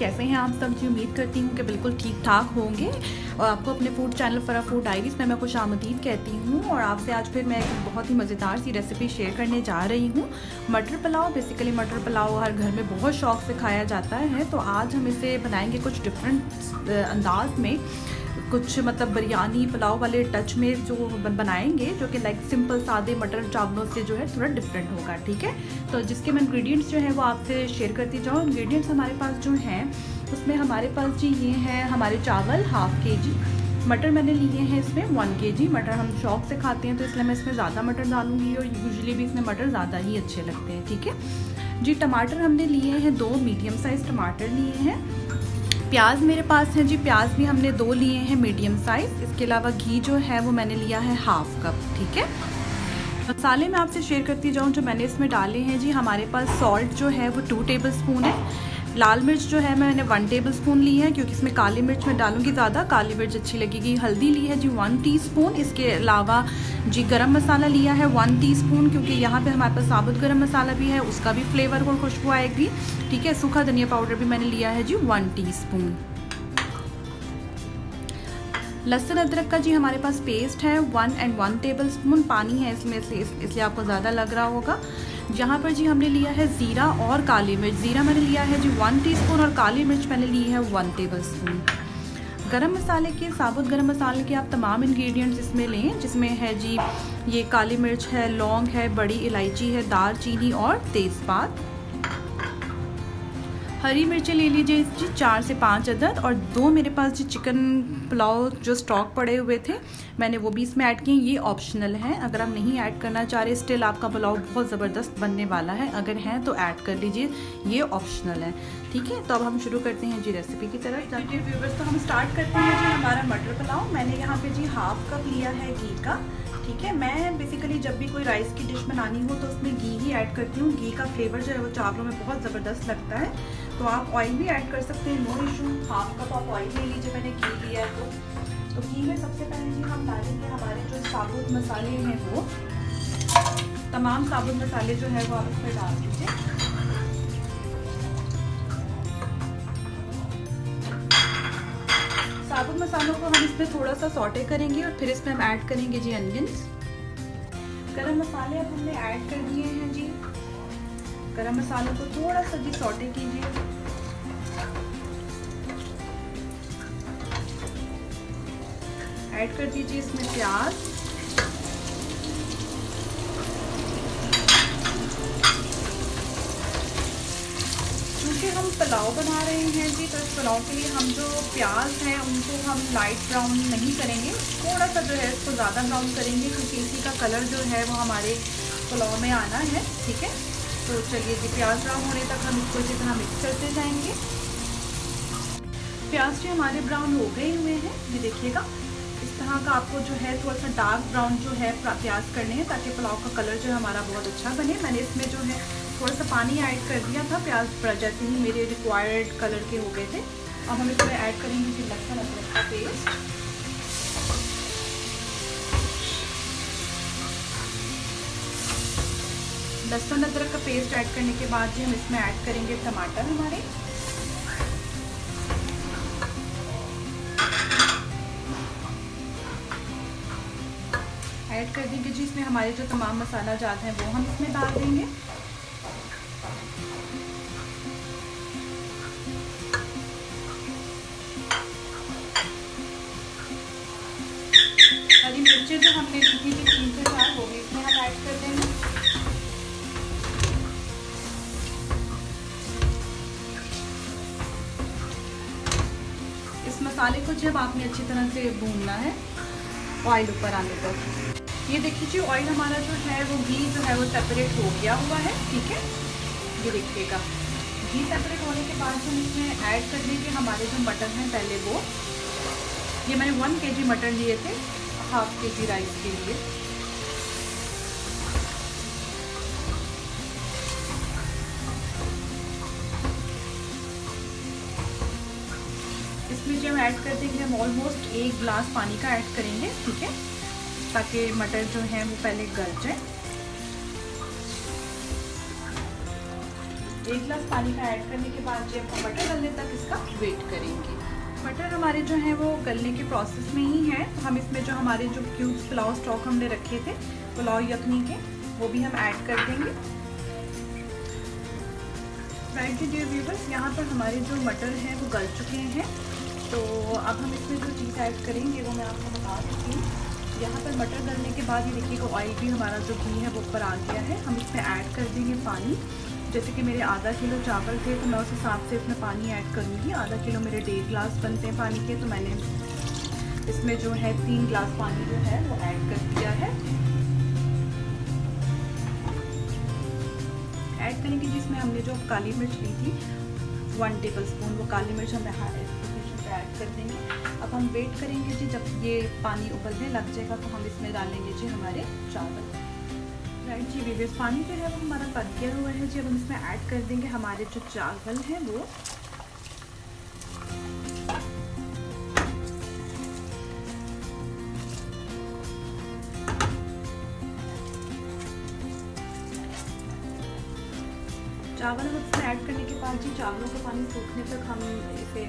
कैसे हैं आप सब जी उम्मीद करती हूँ कि बिल्कुल ठीक ठाक होंगे और आपको अपने food channel Farah food diaries में मैं खुश आमदीद कहती हूँ और आपसे आज फिर मैं एक बहुत ही मज़ेदार सी रेसिपी शेयर करने जा रही हूँ मटर पुलाव बेसिकली मटर पुलाव हर घर में बहुत शौक से खाया जाता है तो आज हम इसे बनाएंगे कुछ डिफरेंट अंदाज में कुछ मतलब बिरयानी पुलाव वाले टच में जो बनाएंगे जो कि लाइक सिंपल सादे मटन चावलों से जो है थोड़ा डिफरेंट होगा ठीक है तो जिसके मैं इंग्रेडिएंट्स जो हैं वो आपसे शेयर करती जाऊँ इंग्रेडिएंट्स हमारे पास जो हैं उसमें हमारे पास जी ये हैं हमारे चावल हाफ के जी मटर मैंने लिए हैं इसमें वन के जी मटर हम शौक से खाते हैं तो इसलिए मैं इसमें ज़्यादा मटर डालूंगी और यूजली भी इसमें मटर ज़्यादा ही अच्छे लगते हैं ठीक है जी टमाटर हमने लिए हैं दो मीडियम साइज़ टमाटर लिए हैं प्याज मेरे पास है जी प्याज भी हमने दो लिए हैं मीडियम साइज़ इसके अलावा घी जो है वो मैंने लिया है हाफ कप ठीक है मसाले मैं आपसे शेयर करती जाऊँ जो मैंने इसमें डाले हैं जी हमारे पास सॉल्ट जो है वो टू टेबल स्पून है लाल मिर्च जो है मैंने वन टेबल स्पून ली है क्योंकि इसमें काली मिर्च में डालूंगी ज़्यादा काली मिर्च अच्छी लगेगी हल्दी ली है जी वन स्पून इसके अलावा जी गरम मसाला लिया है वन स्पून क्योंकि यहाँ पे हमारे पास साबुत गरम मसाला भी है उसका भी फ्लेवर और खुशबू आएगी ठीक है सूखा धनिया पाउडर भी मैंने लिया है जी वन स्पून लहसुन अदरक का जी हमारे पास पेस्ट है one and one tablespoon पानी है इसमें इसलिए आपको ज़्यादा लग रहा होगा यहाँ पर जी हमने लिया है ज़ीरा और काली मिर्च ज़ीरा मैंने लिया है जी वन टी और काली मिर्च मैंने ली है वन टेबल स्पून गरम मसाले के साबुत गरम मसाले के आप तमाम इंग्रेडिएंट्स इसमें लें जिसमें है जी ये काली मिर्च है लौंग है बड़ी इलायची है दार चीनी और तेज़पात हरी मिर्चें ले लीजिए जी चार से पाँच अदद और दो मेरे पास जी चिकन पुलाव जो स्टॉक पड़े हुए थे मैंने वो भी इसमें ऐड किए ये ऑप्शनल है अगर आप नहीं ऐड करना चाह रहे स्टिल आपका पुलाव बहुत ज़बरदस्त बनने वाला है अगर है तो ऐड कर लीजिए ये ऑप्शनल है ठीक है तो अब हम शुरू करते हैं जी रेसिपी की तरफ व्यूवर्स तो हम स्टार्ट करते हैं जी हमारा मटर पुलाव मैंने यहाँ पे जी हाफ कप लिया है घी का ठीक है मैं बेसिकली जब भी कोई राइस की डिश बनानी हो तो उसमें घी ही ऐड करती हूँ घी का फ्लेवर जो है वो चावलों में बहुत ज़बरदस्त लगता है तो आप ऑयल भी ऐड कर सकते हैं नो इशू हाफ कप आप ऑयल ले लीजिए मैंने घी लिया है तो तो घी में सबसे पहले जी हम डालेंगे हमारे जो साबुत मसाले हैं वो तमाम साबुत मसाले जो है वो आप उसमें डाल दीजिए साबुत मसालों को हम इसमें थोड़ा सा सॉटे करेंगे और फिर इसमें हम ऐड करेंगे जी अनियंस गरम मसाले अब हमने ऐड कर दिए हैं जी गरम मसालों को थोड़ा सा जी सॉटे कीजिए ऐड कर दीजिए इसमें प्याज क्योंकि हम पुलाव बना रहे हैं जी तो इस पुलाव के लिए हम जो प्याज है उनको हम लाइट ब्राउन नहीं करेंगे थोड़ा सा जो है इसको ज़्यादा ब्राउन करेंगे क्योंकि इसी का कलर जो है वो हमारे पुलाव में आना है ठीक है तो चलिए जी प्याज ब्राउन होने तक हम इसको अच्छी तरह मिक्स करते जाएंगे प्याज जो हमारे ब्राउन हो गए हुए हैं ये देखिएगा इस तरह का आपको जो है थोड़ा सा डार्क ब्राउन जो है प्याज करने हैं ताकि पुलाव का कलर जो है हमारा बहुत अच्छा बने मैंने इसमें जो है थोड़ा सा पानी ऐड कर दिया था प्याज जैसे ही मेरे रिक्वायर्ड कलर के हो गए थे अब हम इसमें ऐड करेंगे फिर लहसुन अदरक का पेस्ट लहसुन अदरक का पेस्ट ऐड करने के बाद जी हम इसमें ऐड करेंगे टमाटर हमारे ऐड कर देंगे जी इसमें हमारे जो तमाम मसाला जाते हैं वो हम इसमें डाल देंगे हरी मिर्चें जो हमने दी थी तीन से चार होगी इसमें हम ऐड कर देंगे मसाले को जब आपने अच्छी तरह से भूनना है ऑयल ऊपर आने तक ये देख लीजिए ऑयल हमारा जो है वो घी जो है वो सेपरेट हो गया हुआ है ठीक है ये देखिएगा घी सेपरेट होने के बाद हम इसमें ऐड कर देंगे हमारे जो मटन हैं पहले वो ये मैंने वन के जी मटन लिए थे हाफ के जी राइस के लिए चीज़ें हम ऐड कर देंगे हम ऑलमोस्ट एक ग्लास पानी का ऐड करेंगे ठीक है ताकि मटर जो है वो पहले गल जाए एक ग्लास पानी का ऐड करने के बाद जो हम मटर गलने तक इसका वेट करेंगे मटर हमारे जो है वो गलने के प्रोसेस में ही है तो हम इसमें जो हमारे जो क्यूब्स पुलाव स्टॉक हमने रखे थे पुलाव यखनी के वो भी हम ऐड कर देंगे थैंक यू डियर व्यूवर्स यहाँ पर हमारे जो मटर हैं वो गल चुके हैं तो अब हम इसमें जो चीज़ ऐड करेंगे वो मैं आपको बता देती हूँ यहाँ पर मटर डालने के बाद ये देखिएगा ऑयल भी हमारा जो घी है वो ऊपर आ गया है हम इसमें ऐड कर देंगे पानी जैसे कि मेरे आधा किलो चावल थे तो मैं उस हिसाब से इसमें पानी ऐड करूँगी आधा किलो मेरे डेढ़ ग्लास बनते हैं पानी के तो मैंने इसमें जो है तीन ग्लास पानी जो है वो ऐड कर दिया है ऐड करेंगे जिसमें हमने जो काली मिर्च ली थी वन टेबल स्पून वो काली मिर्च हम ऐड कर देंगे अब हम वेट करेंगे जी जब ये पानी उबलने लग जाएगा तो हम इसमें डालेंगे जी हमारे चावल राइट जी वीवियस पानी जो है वो हमारा पक गया हुआ है जी अब हम इसमें ऐड कर देंगे हमारे जो चावल हैं वो चावल हम इसमें ऐड करने के बाद जी चावलों को पानी सूखने तक हम इसे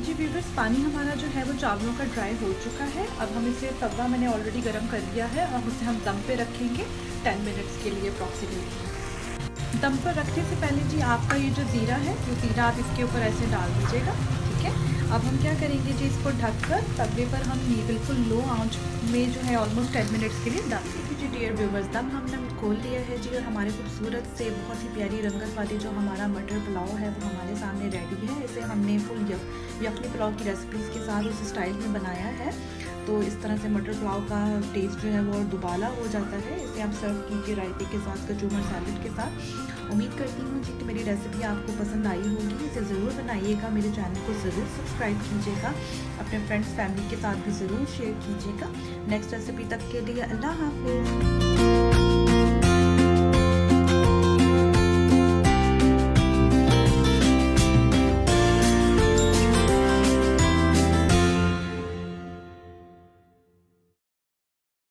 जी व्यूवर्स पानी हमारा जो है वो चावलों का ड्राई हो चुका है अब हम इसे तवा मैंने ऑलरेडी गर्म कर दिया है अब उसे हम दम पे रखेंगे 10 मिनट्स के लिए अप्रॉक्सीमेटली दम पर रखने से पहले जी आपका ये जो ज़ीरा है वो ज़ीरा आप इसके ऊपर ऐसे डाल दीजिएगा ठीक है अब हम क्या करेंगे जी इसको ढक कर तवे पर हम बिल्कुल लो आँच में जो है ऑलमोस्ट टेन मिनट्स के लिए डाल देंगे डियर व्यूवर्स दम हमने खोल लिया है जी और हमारे खूबसूरत से बहुत ही प्यारी रंगत वाली जो हमारा मटर पुलाव है वो हमारे सामने रेडी है इसे हमने फुल यक यखनी पुलाव की रेसिपीज़ के साथ उस स्टाइल में बनाया है तो इस तरह से मटर पुलाव का टेस्ट जो है वो और दुबाला हो जाता है इसे आप सर्व कीजिए रायते के साथ कचूमर सैलड के साथ उम्मीद करती हूँ जी कि मेरी रेसिपी आपको पसंद आई होगी इसे ज़रूर बनाइएगा मेरे चैनल को ज़रूर सब्सक्राइब कीजिएगा अपने फ्रेंड्स फैमिली के साथ भी ज़रूर शेयर कीजिएगा नेक्स्ट रेसिपी तक के लिए अल्लाह हाफिज़